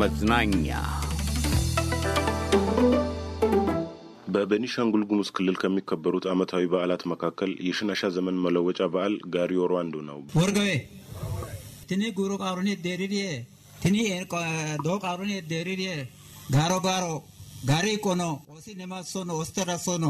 መዝናኛ በቤኒሻንጉል ጉሙዝ ክልል ከሚከበሩት ዓመታዊ በዓላት መካከል የሽናሻ ዘመን መለወጫ በዓል ጋሪዮ ሯንዱ ነው። ወርገቤ ትኒ ጉሩ ቃሩኒ ደሪሪ ትኒ ዶ ቃሩኒ ደሪሪ ጋሮ ጋሮ ጋሪ ቆኖ ኦሲ ነማሶኖ ኦስተራሶኖ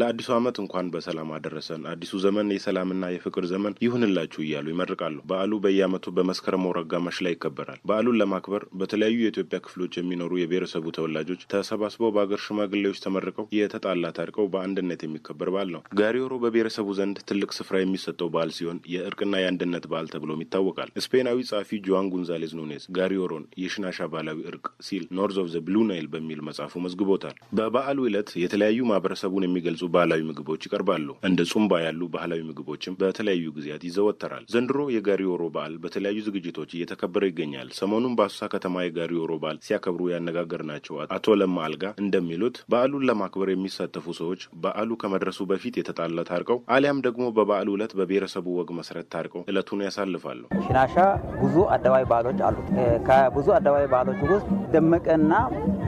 ለአዲሱ ዓመት እንኳን በሰላም አደረሰን፣ አዲሱ ዘመን የሰላምና የፍቅር ዘመን ይሁንላችሁ እያሉ ይመርቃሉ። በዓሉ በየዓመቱ በመስከረም ወር አጋማሽ ላይ ይከበራል። በዓሉን ለማክበር በተለያዩ የኢትዮጵያ ክፍሎች የሚኖሩ የብሔረሰቡ ተወላጆች ተሰባስበው በአገር ሽማግሌዎች ተመርቀው የተጣላ ታርቀው በአንድነት የሚከበር በዓል ነው። ጋሪዮሮ በብሔረሰቡ ዘንድ ትልቅ ስፍራ የሚሰጠው በዓል ሲሆን የእርቅና የአንድነት በዓል ተብሎም ይታወቃል። ስፔናዊ ጸሐፊ ጆዋን ጉንዛሌዝ ኑኔዝ ጋሪዮሮን የሽናሻ ባህላዊ እርቅ ሲል ኖርዝ ኦፍ ዘ ብሉ ናይል በሚል መጽሐፉ መዝግቦታል። በበዓሉ ዕለት የተለያዩ ማህበረሰቡን የሚገልጹ የያዙ ባህላዊ ምግቦች ይቀርባሉ። እንደ ጹምባ ያሉ ባህላዊ ምግቦችም በተለያዩ ጊዜያት ይዘወተራል። ዘንድሮ የጋሪ ወሮ በዓል በተለያዩ ዝግጅቶች እየተከበረ ይገኛል። ሰሞኑን በአሶሳ ከተማ የጋሪ ወሮ በዓል ሲያከብሩ ያነጋገርናቸው አቶ ለማ አልጋ እንደሚሉት በዓሉን ለማክበር የሚሳተፉ ሰዎች በዓሉ ከመድረሱ በፊት የተጣለ ታርቀው አሊያም ደግሞ በበዓሉ ዕለት በብሔረሰቡ ወግ መሰረት ታርቀው ዕለቱን ያሳልፋሉ። ሽናሻ ብዙ አደባባይ በዓሎች አሉት። ከብዙ አደባባይ በዓሎች ውስጥ ደመቀና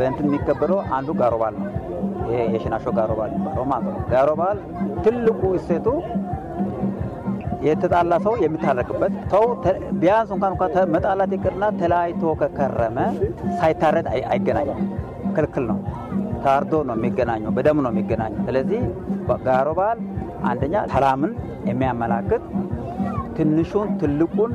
በእንትን የሚከበረው አንዱ ጋሮ በዓል ነው። የሽናሾ ጋሮ በዓል ይባለው ማለት ዳሮ ባህል ትልቁ እሴቱ የተጣላ ሰው የሚታረቅበት ሰው ቢያንስ እንኳን እንኳን መጣላት ይቅርና ተለያይቶ ከከረመ ሳይታረድ አይገናኝም። ክልክል ነው። ታርዶ ነው የሚገናኘው፣ በደም ነው የሚገናኘው። ስለዚህ ጋሮ በዓል አንደኛ ሰላምን የሚያመላክት ትንሹን ትልቁን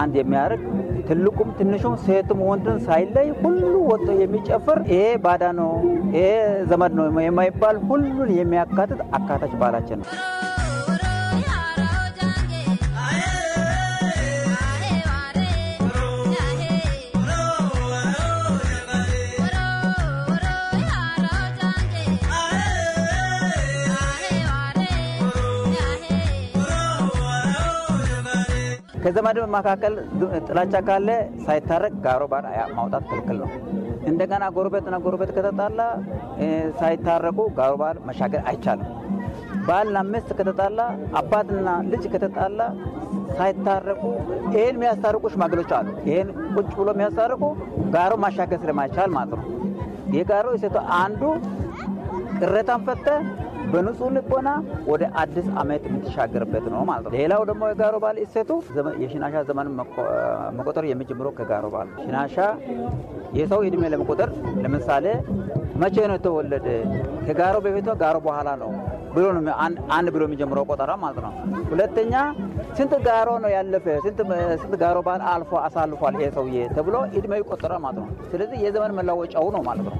አንድ የሚያደርግ ትልቁም ትንሹም ሴትም ወንድን ሳይለይ ሁሉ ወጥቶ የሚጨፍር ይሄ ባዳ ነው፣ ይሄ ዘመድ ነው የማይባል ሁሉን የሚያካትት አካታች ባህላችን ነው። ከዘመድ መካከል ጥላቻ ካለ ሳይታረቅ ጋሮ ባር ማውጣት ክልክል ነው። እንደገና ጎረቤትና ጎረቤት ከተጣላ ሳይታረቁ ጋሮ ባር መሻገር አይቻልም። ባልና ሚስት ከተጣላ፣ አባትና ልጅ ከተጣላ ሳይታረቁ ይህን የሚያስታርቁ ሽማግሎች አሉ። ይህን ቁጭ ብሎ የሚያስታርቁ ጋሮ ማሻገር ስለማይቻል ማለት ነው። የጋሮ ሴቶ አንዱ ቅሬታን ፈተ በንጹህ ልቦና ወደ አዲስ ዓመት የምትሻገርበት ነው ማለት ነው። ሌላው ደግሞ የጋሮ በዓል እሴቱ የሽናሻ ዘመን መቆጠር የሚጀምረው ከጋሮ በዓል ሽናሻ የሰው እድሜ ለመቆጠር ለምሳሌ መቼ ነው የተወለደ ከጋሮ በፊት ጋሮ በኋላ ነው ብሎ ነው አንድ ብሎ የሚጀምረው ቆጠራ ማለት ነው። ሁለተኛ ስንት ጋሮ ነው ያለፈ ስንት ጋሮ በዓል አልፎ አሳልፏል ይሄ ሰውዬ ተብሎ እድሜ ይቆጠራል ማለት ነው። ስለዚህ የዘመን መላወጫው ነው ማለት ነው።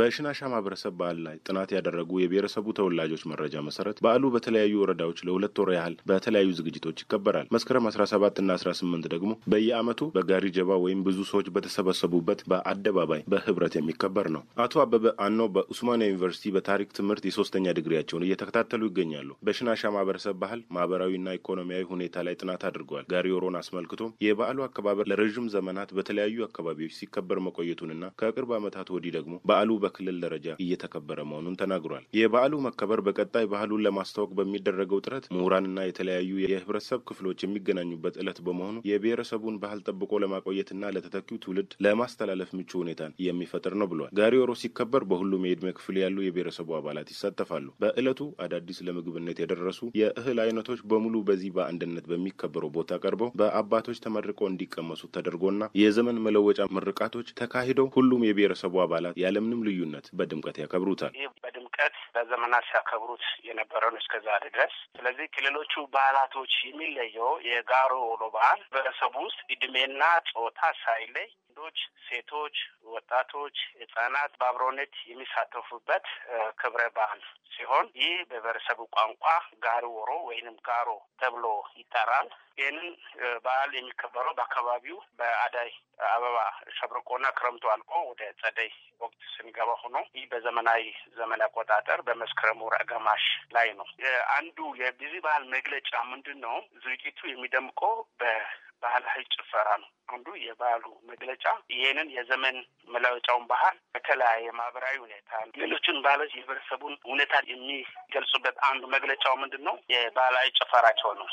በሽናሻ ማህበረሰብ በዓል ላይ ጥናት ያደረጉ የብሔረሰቡ ተወላጆች መረጃ መሰረት በዓሉ በተለያዩ ወረዳዎች ለሁለት ወር ያህል በተለያዩ ዝግጅቶች ይከበራል። መስከረም 17 እና 18 ደግሞ በየዓመቱ በጋሪ ጀባ ወይም ብዙ ሰዎች በተሰበሰቡበት በአደባባይ በህብረት የሚከበር ነው። አቶ አበበ አኖ በኡስማኒያ ዩኒቨርሲቲ በታሪክ ትምህርት የሶስተኛ ዲግሪያቸውን እየተከታተሉ ይገኛሉ። በሽናሻ ማህበረሰብ ባህል ማህበራዊና ኢኮኖሚያዊ ሁኔታ ላይ ጥናት አድርገዋል። ጋሪ ወሮን አስመልክቶም የበዓሉ አከባበር ለረዥም ዘመናት በተለያዩ አካባቢዎች ሲከበር መቆየቱንና ከቅርብ ዓመታት ወዲህ ደግሞ በዓሉ በክልል ደረጃ እየተከበረ መሆኑን ተናግሯል። የበዓሉ መከበር በቀጣይ ባህሉን ለማስተዋወቅ በሚደረገው ጥረት ምሁራንና የተለያዩ የህብረተሰብ ክፍሎች የሚገናኙበት ዕለት በመሆኑ የብሔረሰቡን ባህል ጠብቆ ለማቆየትና ለተተኪው ትውልድ ለማስተላለፍ ምቹ ሁኔታን የሚፈጥር ነው ብሏል። ጋሪ ሆሮ ሲከበር በሁሉም የዕድሜ ክፍል ያሉ የብሔረሰቡ አባላት ይሳተፋሉ። በዕለቱ አዳዲስ ለምግብነት የደረሱ የእህል አይነቶች በሙሉ በዚህ በአንድነት በሚከበረው ቦታ ቀርበው በአባቶች ተመርቆ እንዲቀመሱ ተደርጎና የዘመን መለወጫ ምርቃቶች ተካሂደው ሁሉም የብሔረሰቡ አባላት ያለምንም ልዩ ልዩነት በድምቀት ያከብሩታል። ይህ በድምቀት በዘመናት ሲያከብሩት የነበረውን እስከዛ ድረስ። ስለዚህ ክልሎቹ ባህላቶች የሚለየው የጋሮ ወሎ ባህል በረሰቡ ውስጥ እድሜና ጾታ ሳይለይ ወንዶች፣ ሴቶች፣ ወጣቶች፣ ህጻናት በአብሮነት የሚሳተፉበት ክብረ በዓል ሲሆን ይህ በብሔረሰቡ ቋንቋ ጋሪ ወሮ ወይንም ጋሮ ተብሎ ይጠራል። ይህንን በዓል የሚከበረው በአካባቢው በአዳይ አበባ ሸብርቆና ክረምቱ አልቆ ወደ ጸደይ ወቅት ስንገባ ሆኖ ይህ በዘመናዊ ዘመን አቆጣጠር በመስከረም ወር አጋማሽ ላይ ነው። አንዱ የዚህ ባህል መግለጫ ምንድን ነው? ዝግጅቱ የሚደምቀው በ ባህላዊ ጭፈራ ነው። አንዱ የባህሉ መግለጫ ይሄንን የዘመን መለወጫውን ባህል በተለያየ ማህበራዊ ሁኔታ ሌሎችን ባህሎች የህብረተሰቡን ሁኔታ የሚገልጹበት አንዱ መግለጫው ምንድን ነው? የባህላዊ ጭፈራቸው ነው።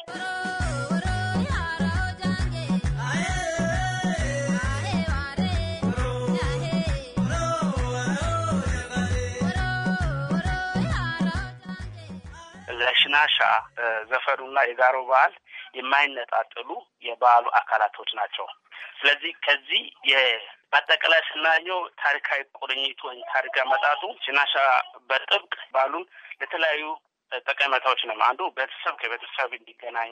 ለሽናሻ ዘፈኑና የጋሮ ባህል የማይነጣጠሉ የበዓሉ አካላቶች ናቸው። ስለዚህ ከዚህ በአጠቃላይ ስናየው ታሪካዊ ቁርኝት ወይም ታሪክ አመጣጡ ሲናሻ በጥብቅ በዓሉን ለተለያዩ ጠቀሜታዎች ነው። አንዱ ቤተሰብ ከቤተሰብ እንዲገናኝ፣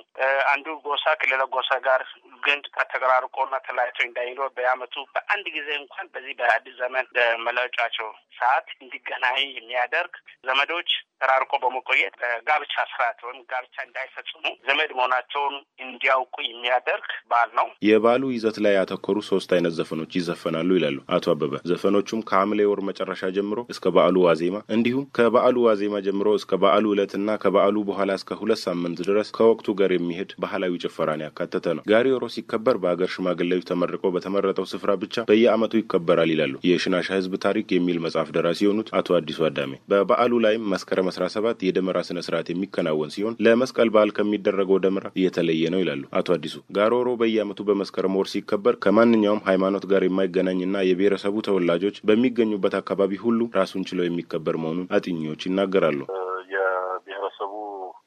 አንዱ ጎሳ ከሌላ ጎሳ ጋር ግንድ ተቀራርቆና ተለያይቶ እንዳይኖር በየዓመቱ በአንድ ጊዜ እንኳን በዚህ በአዲስ ዘመን በመለወጫቸው ሰዓት እንዲገናኝ የሚያደርግ ዘመዶች ተራርቆ በመቆየት በጋብቻ ስርዓት ወይም ጋብቻ እንዳይፈጽሙ ዘመድ መሆናቸውን እንዲያውቁ የሚያደርግ በዓል ነው። የበዓሉ ይዘት ላይ ያተኮሩ ሶስት አይነት ዘፈኖች ይዘፈናሉ ይላሉ አቶ አበበ። ዘፈኖቹም ከሐምሌ ወር መጨረሻ ጀምሮ እስከ በዓሉ ዋዜማ እንዲሁም ከበዓሉ ዋዜማ ጀምሮ እስከ በዓሉ ዕለት ዕለትና ከበዓሉ በኋላ እስከ ሁለት ሳምንት ድረስ ከወቅቱ ጋር የሚሄድ ባህላዊ ጭፈራን ያካተተ ነው። ጋሪ ሲከበር በአገር ሽማግሌዎች ተመርቆ በተመረጠው ስፍራ ብቻ በየዓመቱ ይከበራል ይላሉ የሽናሻ ህዝብ ታሪክ የሚል መጽሐፍ ደራሲ የሆኑት አቶ አዲሱ አዳሜ። በበዓሉ ላይም መስከረም አስራ ሰባት የደመራ ስነ ስርዓት የሚከናወን ሲሆን ለመስቀል በዓል ከሚደረገው ደመራ እየተለየ ነው ይላሉ አቶ አዲሱ። ጋሮሮ በየዓመቱ በመስከረም ወር ሲከበር ከማንኛውም ሃይማኖት ጋር የማይገናኝና የብሔረሰቡ ተወላጆች በሚገኙበት አካባቢ ሁሉ ራሱን ችለው የሚከበር መሆኑን አጥኚዎች ይናገራሉ።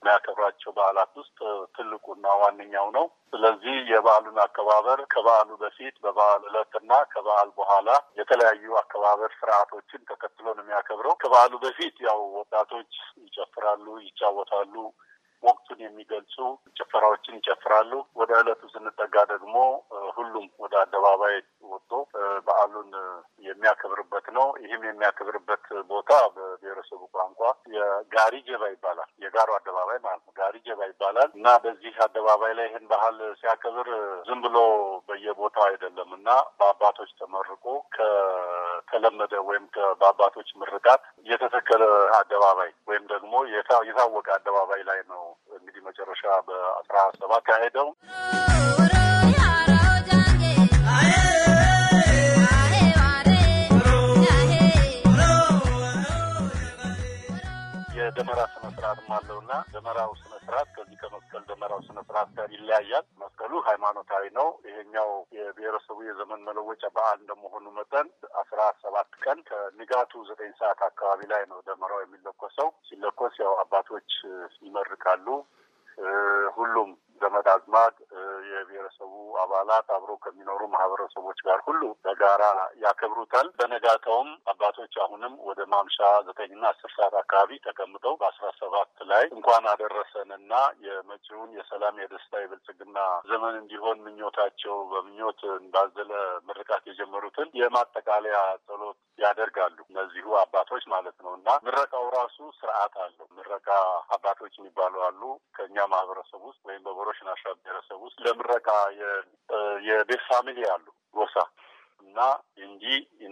የሚያከብራቸው በዓላት ውስጥ ትልቁና ዋነኛው ነው። ስለዚህ የበዓሉን አከባበር ከበዓሉ በፊት በበዓል ዕለትና ከበዓል በኋላ የተለያዩ አከባበር ስርዓቶችን ተከትሎ ነው የሚያከብረው። ከበዓሉ በፊት ያው ወጣቶች ይጨፍራሉ፣ ይጫወታሉ ወቅቱን የሚገልጹ ጭፈራዎችን ይጨፍራሉ። ወደ ዕለቱ ስንጠጋ ደግሞ ሁሉም ወደ አደባባይ ወጥቶ በዓሉን የሚያከብርበት ነው። ይህም የሚያከብርበት ቦታ ብሔረሰቡ ቋንቋ የጋሪ ጀባ ይባላል። የጋሩ አደባባይ ማለት ነው። ጋሪ ጀባ ይባላል እና በዚህ አደባባይ ላይ ይህን ባህል ሲያከብር ዝም ብሎ በየቦታው አይደለም እና በአባቶች ተመርቆ ከተለመደ ወይም በአባቶች ምርቃት የተተከለ አደባባይ ወይም ደግሞ የታወቀ አደባባይ ላይ ነው እንግዲህ መጨረሻ በአስራ ሰባት ያሄደው ደመራ ስነስርዓትም አለው እና ደመራው ስነስርዓት ከዚህ ከመስቀል ደመራው ስነስርዓት ጋር ይለያያል። መስቀሉ ሃይማኖታዊ ነው። ይሄኛው የብሔረሰቡ የዘመን መለወጫ በዓል እንደመሆኑ መጠን አስራ ሰባት ቀን ከንጋቱ ዘጠኝ ሰዓት አካባቢ ላይ ነው ደመራው የሚለኮሰው። ሲለኮስ ያው አባቶች ይመርቃሉ። ሁሉም ዘመድ አዝማድ የብሔረሰቡ አባላት አብሮ ከሚኖሩ ማህበረሰቦች ጋር ሁሉ በጋራ ያከብሩታል። በነጋታውም አባቶች አሁንም ወደ ማምሻ ዘጠኝና አስር ሰዓት አካባቢ ተቀምጠው በአስራ ሰባት ላይ እንኳን አደረሰንና የመጪውን የሰላም የደስታ የብልጽግና ዘመን እንዲሆን ምኞታቸው በምኞት እንዳዘለ ምርቃት የጀመሩትን የማጠቃለያ ጸሎት ያደርጋሉ። እነዚሁ አባቶች ማለት ነው እና ምረቃው ራሱ ስርዓት አለው። ምረቃ አባቶች የሚባሉ አሉ ከእኛ ማህበረሰብ ውስጥ ወይም በቦሮሽናሻ ብሔረሰብ ውስጥ የምረቃ የቤት ፋሚሊ አሉ ጎሳ እና እንጂ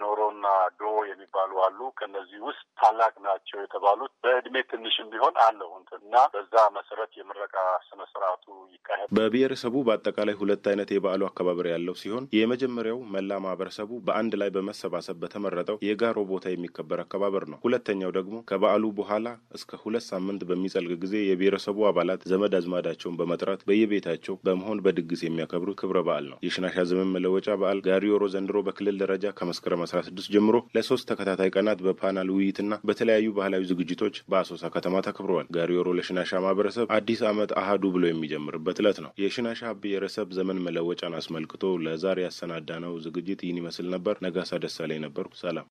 ኖሮና ዶ የሚባሉ አሉ። ከነዚህ ውስጥ ታላቅ ናቸው የተባሉት በእድሜ ትንሽም ቢሆን አለው እና በዛ መሰረት የምረቃ ስነስርዓቱ ይካሄድ። በብሔረሰቡ በአጠቃላይ ሁለት አይነት የበዓሉ አከባበር ያለው ሲሆን የመጀመሪያው መላ ማህበረሰቡ በአንድ ላይ በመሰባሰብ በተመረጠው የጋሮ ቦታ የሚከበር አከባበር ነው። ሁለተኛው ደግሞ ከበዓሉ በኋላ እስከ ሁለት ሳምንት በሚጸልቅ ጊዜ የብሔረሰቡ አባላት ዘመድ አዝማዳቸውን በመጥራት በየቤታቸው በመሆን በድግስ የሚያከብሩት ክብረ በዓል ነው። የሽናሻ ዘመን መለወጫ በዓል ጋሪዮሮ ዘንድሮ በክልል ደረጃ ከመስከረም 16 ጀምሮ ለሶስት ተከታታይ ቀናት በፓናል ውይይትና በተለያዩ ባህላዊ ዝግጅቶች በአሶሳ ከተማ ተከብረዋል። ጋሪ ለሽናሻ ማህበረሰብ አዲስ ዓመት አሃዱ ብሎ የሚጀምርበት ዕለት ነው። የሽናሻ ብሔረሰብ ዘመን መለወጫን አስመልክቶ ለዛሬ ያሰናዳ ነው ዝግጅት ይህን ይመስል ነበር። ነጋሳ ደሳሌ ነበርኩ። ሰላም።